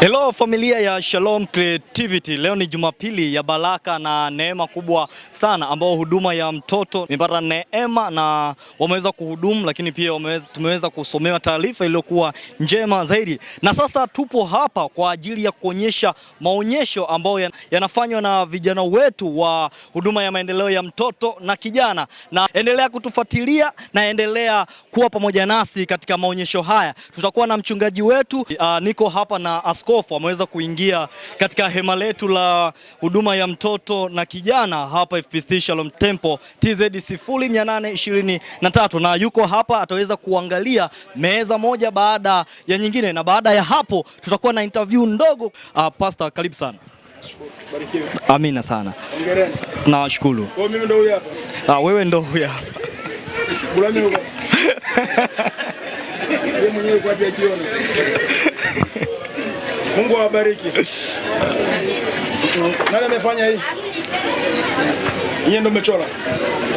Hello familia ya Shalom Creativity. Leo ni Jumapili ya baraka na neema kubwa sana ambao huduma ya mtoto imepata neema na wameweza kuhudumu, lakini pia wameweza, tumeweza kusomewa taarifa iliyokuwa njema zaidi, na sasa tupo hapa kwa ajili ya kuonyesha maonyesho ambayo yanafanywa na vijana wetu wa huduma ya maendeleo ya mtoto na kijana, na endelea kutufuatilia na endelea kuwa pamoja nasi katika maonyesho haya. Tutakuwa na mchungaji wetu uh, niko hapa na askofu askofu ameweza kuingia katika hema letu la huduma ya mtoto na kijana hapa FPCT Shalom Temple TZ 0823 na yuko hapa, ataweza kuangalia meza moja baada ya nyingine, na baada ya hapo tutakuwa na interview ndogo. Uh, Pastor, karibu sana. Amina sana, nawashukuru. Ah, wewe ndo huyo hapa Mungu awabariki. Nani amefanya hii? Yeye ndo umechora.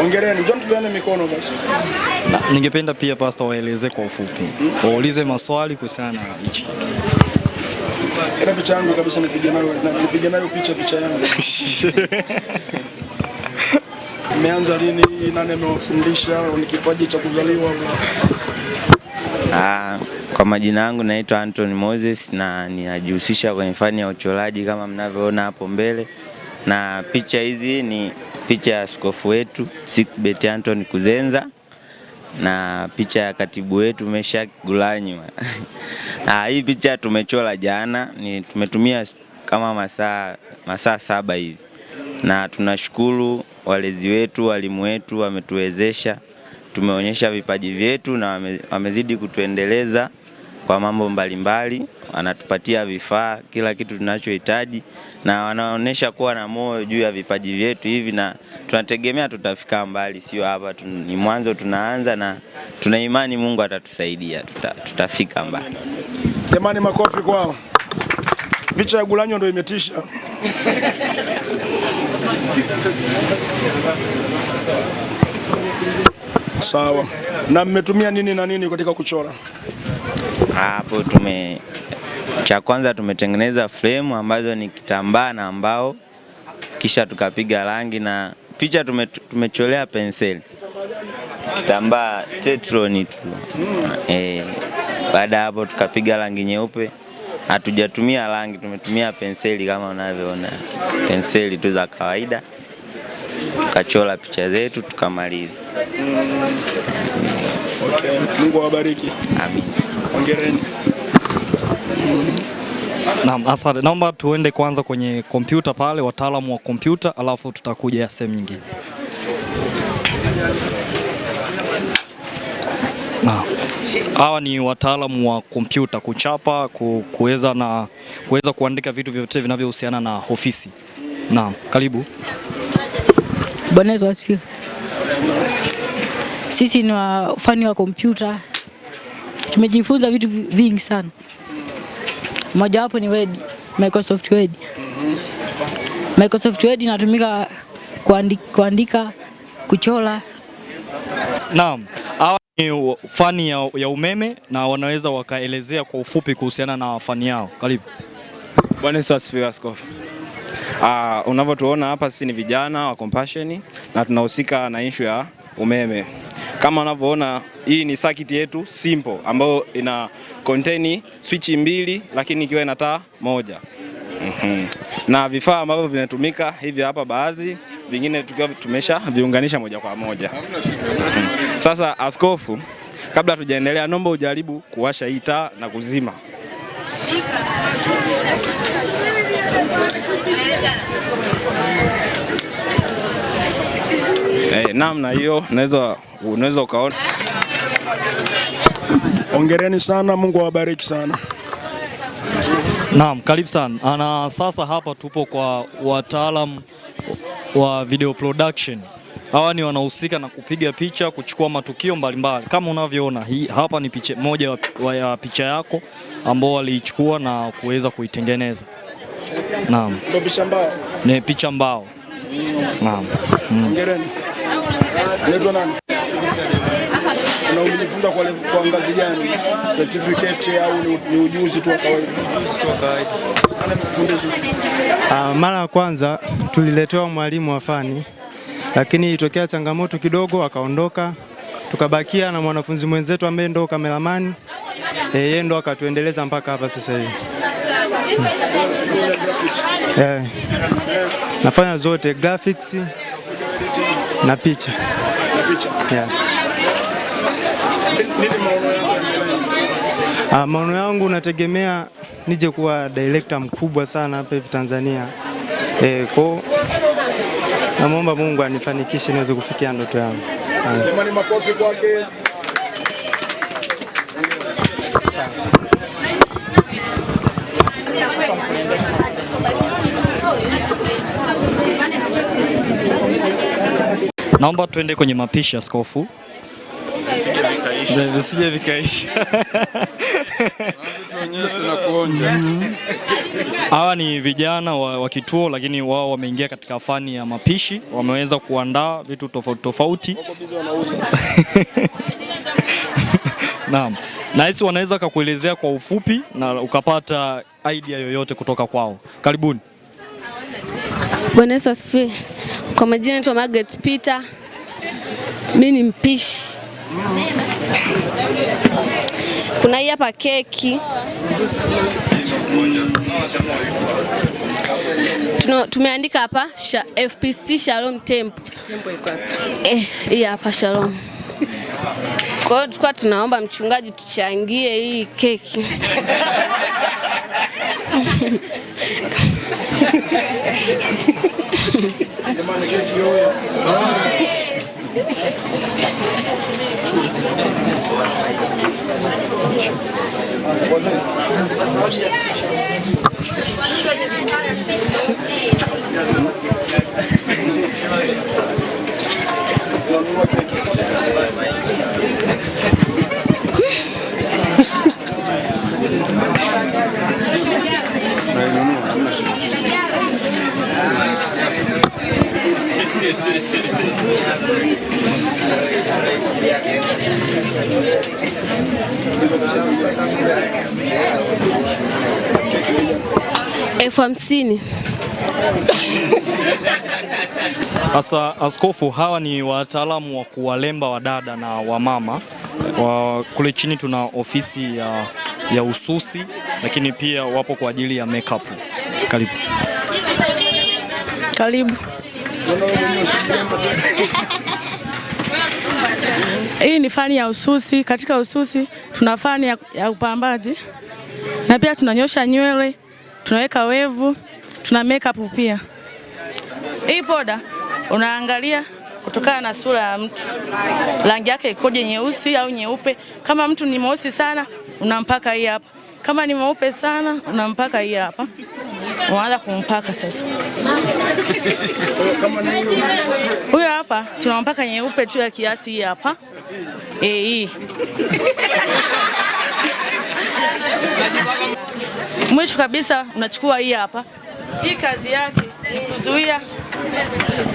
ongereni Njoo tupeane mikono basi. Na ningependa pia pastor waeleze kwa ufupi. Hmm? Waulize maswali kuhusiana na hichi kitu. Ile picha yangu kabisa nipige nayo nipige nayo picha picha yangu. imeanza lini? Nani amewafundisha? Ni kipaji cha kuzaliwa? Ah. Kwa majina yangu naitwa Anthony Moses na ninajihusisha kwenye fani ya uchoraji kama mnavyoona hapo mbele, na picha hizi ni picha ya askofu wetu Sixbert Anthony Kuzenza na picha ya katibu wetu Meshack Gulanywa. Ah, hii picha tumechora jana, ni tumetumia kama masaa masaa saba hivi, na tunashukuru walezi wetu, walimu wetu wametuwezesha tumeonyesha vipaji vyetu na wamezidi kutuendeleza kwa mambo mbalimbali, wanatupatia vifaa, kila kitu tunachohitaji, na wanaonyesha kuwa na moyo juu ya vipaji vyetu hivi, na tunategemea tutafika mbali, sio hapa ni mwanzo, tunaanza na tuna imani Mungu atatusaidia, tuta, tutafika mbali. Jamani, makofi kwao. Picha ya Gulanyo ndio imetisha. Sawa. Na mmetumia nini na nini katika kuchora? Hapo tume cha kwanza tumetengeneza fremu ambazo ni kitambaa na mbao, kisha tukapiga rangi na picha tume, tumecholea penseli kitambaa tetroni tu mm. E, baada ya hapo tukapiga rangi nyeupe. Hatujatumia rangi, tumetumia penseli kama unavyoona, penseli tu za kawaida, tukachora picha zetu tukamaliza. Mm. Okay. Mungu awabariki. Amin. Hongereni. Naam, asante. Naomba tuende kwanza kwenye kompyuta pale, wataalamu wa kompyuta, alafu tutakuja sehemu nyingine. Hawa ni wataalamu wa kompyuta, kuchapa, kuweza na kuweza kuandika vitu vyote vinavyohusiana na ofisi. Naam, karibu. Bwana asifiwe. Sisi ni wafani wa kompyuta tumejifunza vitu vingi sana, mojawapo ni Word, Microsoft Word. Microsoft Word inatumika kuandika, kuandika kuchora. Naam, hawa ni fani ya, ya umeme na wanaweza wakaelezea kwa ufupi kuhusiana na fani yao. Karibu. Bwana Yesu asifiwe askofu. Uh, unavyotuona hapa sisi ni vijana wa Compassion na tunahusika na ishu ya umeme. Kama unavyoona hii ni circuit yetu simple ambayo ina contain switch mbili, lakini ikiwa ina taa moja. Mm -hmm. Na vifaa ambavyo vinatumika hivi hapa baadhi, vingine tukiwa tumesha viunganisha moja kwa moja. Mhm. Sasa askofu, kabla tujaendelea, naomba ujaribu kuwasha hii taa na kuzima. namna hiyo unaweza unaweza ukaona. Hongereni sana, Mungu awabariki sana. Naam, karibu sana na sasa hapa tupo kwa wataalamu wa video production. Hawa ni wanahusika na kupiga picha, kuchukua matukio mbalimbali mbali. Kama unavyoona hii hapa ni picha moja ya picha yako ambao waliichukua na kuweza kuitengeneza. Naam. Ni picha mbao. Naam. Mm. Naitwa nani? Na umejifunza kwa ngazi gani? Certificate au ni ujuzi tu wa kawaida? Ujuzi tu wa kawaida. Ah, mara ya kwanza tuliletewa mwalimu wa fani, lakini ilitokea changamoto kidogo, akaondoka tukabakia na mwanafunzi mwenzetu ambaye ndo kameramani, eh, yeye ndo akatuendeleza mpaka hapa sasa hivi. Hmm. Yeah. Nafanya zote graphics na picha yeah. Uh, maono yangu nategemea nije kuwa director mkubwa sana hapa hivi Tanzania e, eh, ko namwomba Mungu anifanikishe niweze kufikia ndoto yangu. Jamani, makofi kwake. Asante. Naomba tuende kwenye mapishi ya askofu. Visije vikaisha. Hawa ni vijana wa, wa kituo lakini wao wameingia katika fani ya mapishi, wameweza kuandaa vitu tofauti tofauti. Naam. Nahisi wanaweza kakuelezea kwa ufupi na ukapata idea yoyote kutoka kwao. Karibuni. Bwana Yesu asifiwe. Kwa majina naitwa Margaret Peter. Mimi ni mpishi. Kuna hii hapa keki Tuno, tumeandika hapa sha, FPCT Shalom Temple. Temple iko hapa. Eh, hii hapa Shalom. Kwa hiyo tulikuwa tunaomba mchungaji tuchangie hii keki. Для мене є героя. Сьогодні elfu hamsini. Sasa askofu, hawa ni wataalamu wa kuwalemba wadada na wamama wa, kule chini tuna ofisi ya, ya ususi lakini pia wapo kwa ajili ya makeup. Karibu, karibu. Hii ni fani ya ususi. Katika ususi tuna fani ya, ya upambaji na pia tunanyosha nywele, tunaweka wevu, tuna makeup pia. Hii poda unaangalia kutokana na sura ya mtu, rangi yake ikoje, nyeusi au nyeupe. Kama mtu ni mweusi sana, unampaka hii hapa. Kama ni mweupe sana, unampaka hii hapa. Wanaanza kumpaka sasa. Huyo hapa tunampaka nyeupe tu ya kiasi hii hapa. Eh, hii. Mwisho kabisa unachukua hii hapa. Hii kazi yake ni kuzuia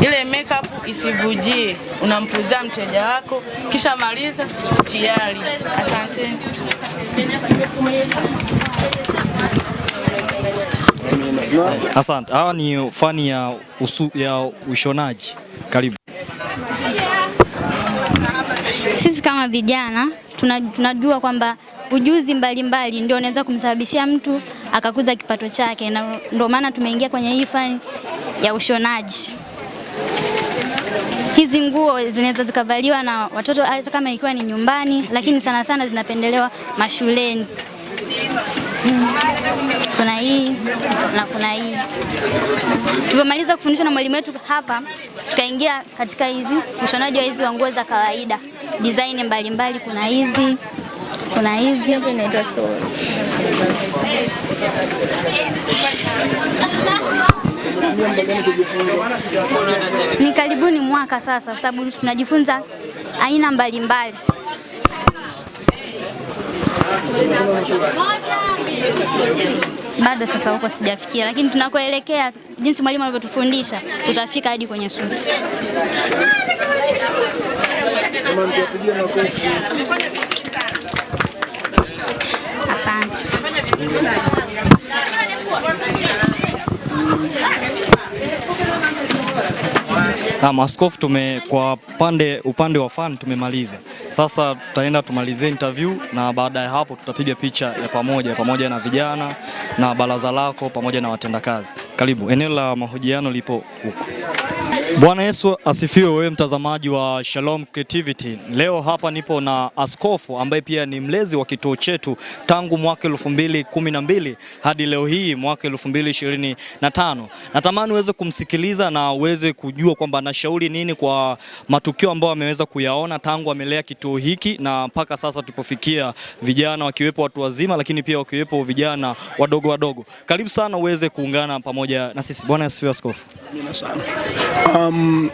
ile makeup isivujie. Unampuzia mteja wako, kisha maliza tayari. Asanteni. Asante. Hawa ni fani ya, usu, ya ushonaji. Karibu. Sisi kama vijana tunajua kwamba ujuzi mbalimbali ndio unaweza kumsababishia mtu akakuza kipato chake, na ndio maana tumeingia kwenye hii fani ya ushonaji. Hizi nguo zinaweza zikavaliwa na watoto hata kama ikiwa ni nyumbani, lakini sana sana zinapendelewa mashuleni. Mm hii na kuna hii. Tumemaliza kufundishwa na mwalimu wetu hapa, tukaingia katika hizi ushonaji wa hizi wa nguo za kawaida design mbalimbali, kuna hizi kuna hizi inaitwa sole. Ni karibuni mwaka sasa, kwa sababu tunajifunza aina mbalimbali mbali bado sasa huko sijafikia, lakini tunakoelekea, jinsi mwalimu alivyotufundisha, tutafika hadi kwenye suti. Asante. Na maskofu tume kwa pande, upande wa fan tumemaliza. Sasa tutaenda tumalizie interview na baada ya hapo tutapiga picha ya pamoja pamoja na vijana na baraza lako pamoja na watendakazi. Karibu, eneo la mahojiano lipo huko. Bwana Yesu asifiwe, wewe mtazamaji wa Shalom Creativity. Leo hapa nipo na askofu ambaye pia ni mlezi wa kituo chetu tangu mwaka 2012 hadi leo hii mwaka 2025. Natamani uweze kumsikiliza na uweze kujua kujua kwamba anashauri nini kwa matukio ambayo ameweza kuyaona tangu amelea kituo hiki na mpaka sasa tulipofikia, vijana wakiwepo watu wazima, lakini pia wakiwepo vijana wadogo wadogo. Karibu sana uweze kuungana pamoja na sisi. Bwana asifiwe askofu. Amina sana. Um,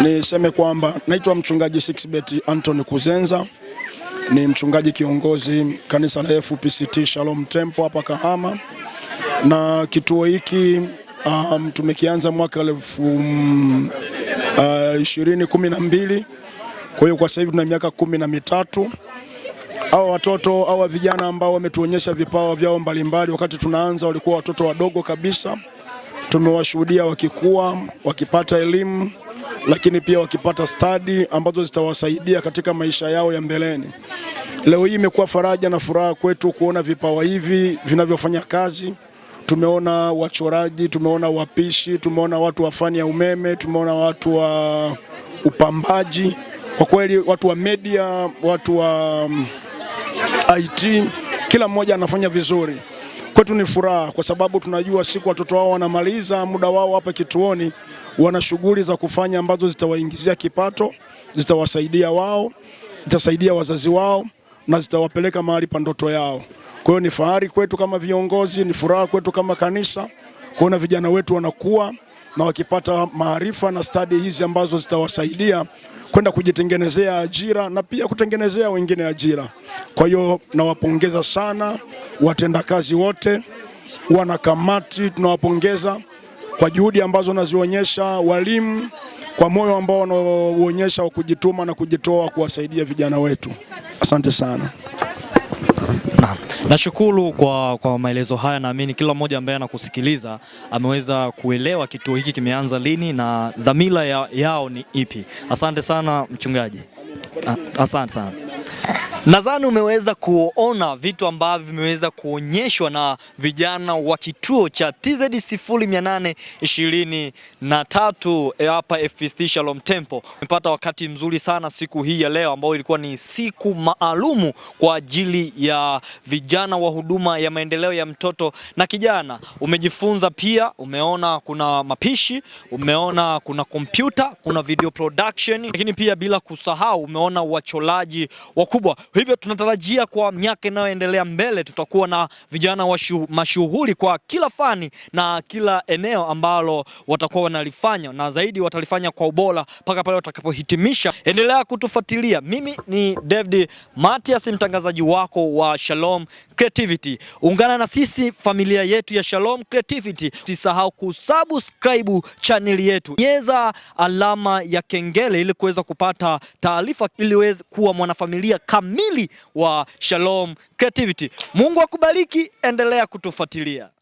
niseme kwamba naitwa mchungaji Sixbet Anthony Kuzenza ni mchungaji kiongozi kanisa la FPCT Shalom Temple hapa Kahama, na kituo hiki Um, tumekianza mwaka elfu mm, uh, ishirini kumi na mbili. Kwa hiyo kwa sasa hivi tuna miaka kumi na mitatu. Hawa watoto hawa vijana ambao wametuonyesha vipawa vyao mbalimbali, wakati tunaanza walikuwa watoto wadogo kabisa. Tumewashuhudia wakikua, wakipata elimu, lakini pia wakipata stadi ambazo zitawasaidia katika maisha yao ya mbeleni. Leo hii imekuwa faraja na furaha kwetu kuona vipawa hivi vinavyofanya kazi tumeona wachoraji, tumeona wapishi, tumeona watu wa fani ya umeme, tumeona watu wa upambaji, kwa kweli watu wa media, watu wa mm, IT, kila mmoja anafanya vizuri. Kwetu ni furaha kwa sababu tunajua siku watoto wao wanamaliza muda wao hapa kituoni, wana shughuli za kufanya ambazo zitawaingizia kipato, zitawasaidia wao, zitasaidia wazazi wao na zitawapeleka mahali pa ndoto yao. Kwa hiyo ni fahari kwetu kama viongozi, ni furaha kwetu kama kanisa kuona vijana wetu wanakuwa na wakipata maarifa na stadi hizi ambazo zitawasaidia kwenda kujitengenezea ajira na pia kutengenezea wengine ajira. Kwa hiyo nawapongeza sana watendakazi wote, wanakamati tunawapongeza kwa juhudi ambazo wanazionyesha, walimu kwa moyo ambao wanaoonyesha wa kujituma na kujitoa kuwasaidia vijana wetu. Asante sana. Nashukuru kwa, kwa maelezo haya. Naamini kila mmoja ambaye anakusikiliza ameweza kuelewa kituo hiki kimeanza lini na dhamira ya, yao ni ipi. Asante sana mchungaji. Asante sana. Nadhani umeweza kuona vitu ambavyo vimeweza kuonyeshwa na vijana wa kituo cha TZ 0823 eh, hapa FPCT Shalom Temple. Umepata wakati mzuri sana siku hii ya leo ambayo ilikuwa ni siku maalumu kwa ajili ya vijana wa huduma ya maendeleo ya mtoto na kijana. Umejifunza pia, umeona kuna mapishi, umeona kuna kompyuta, kuna video production, lakini pia bila kusahau umeona wacholaji wa kubwa. Hivyo tunatarajia kwa miaka inayoendelea mbele tutakuwa na vijana wa shu, mashuhuri kwa kila fani na kila eneo ambalo watakuwa wanalifanya, na zaidi watalifanya kwa ubora mpaka pale watakapohitimisha. Endelea kutufuatilia. Mimi ni David Matias, mtangazaji wako wa Shalom Creativity. Ungana na sisi familia yetu ya Shalom Creativity. Usisahau kusubscribe channel yetu, nyeza alama ya kengele ili kuweza kupata taarifa, ili uweze kuwa mwanafamilia kamili wa Shalom Creativity. Mungu akubariki, endelea kutufuatilia.